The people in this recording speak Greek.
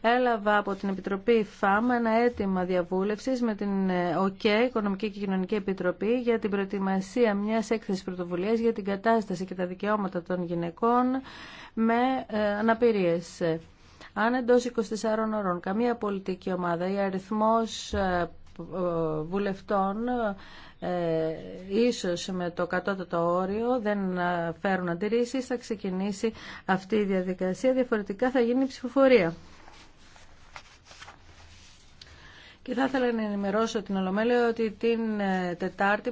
έλαβα από την Επιτροπή ΦΑΜ ένα αίτημα διαβούλευση με την ε, ΟΚΕ, Οικονομική και Κοινωνική Επιτροπή, για την προετοιμασία μιας έκθεσης πρωτοβουλία για την κατάσταση και τα δικαιώματα των γυναικών με ε, αναπηρίε. Αν εντό 24 ώρων καμία πολιτική ομάδα ή αριθμός ε, βουλευτών ε, ίσως με το κατώτατο όριο δεν ε, φέρουν αντιρρήσεις θα ξεκινήσει αυτή η διαδικασία διαφορετικά θα γίνει η ψηφοφορία και θα ήθελα να ενημερώσω την Ολομέλεια ότι την ε, Τετάρτη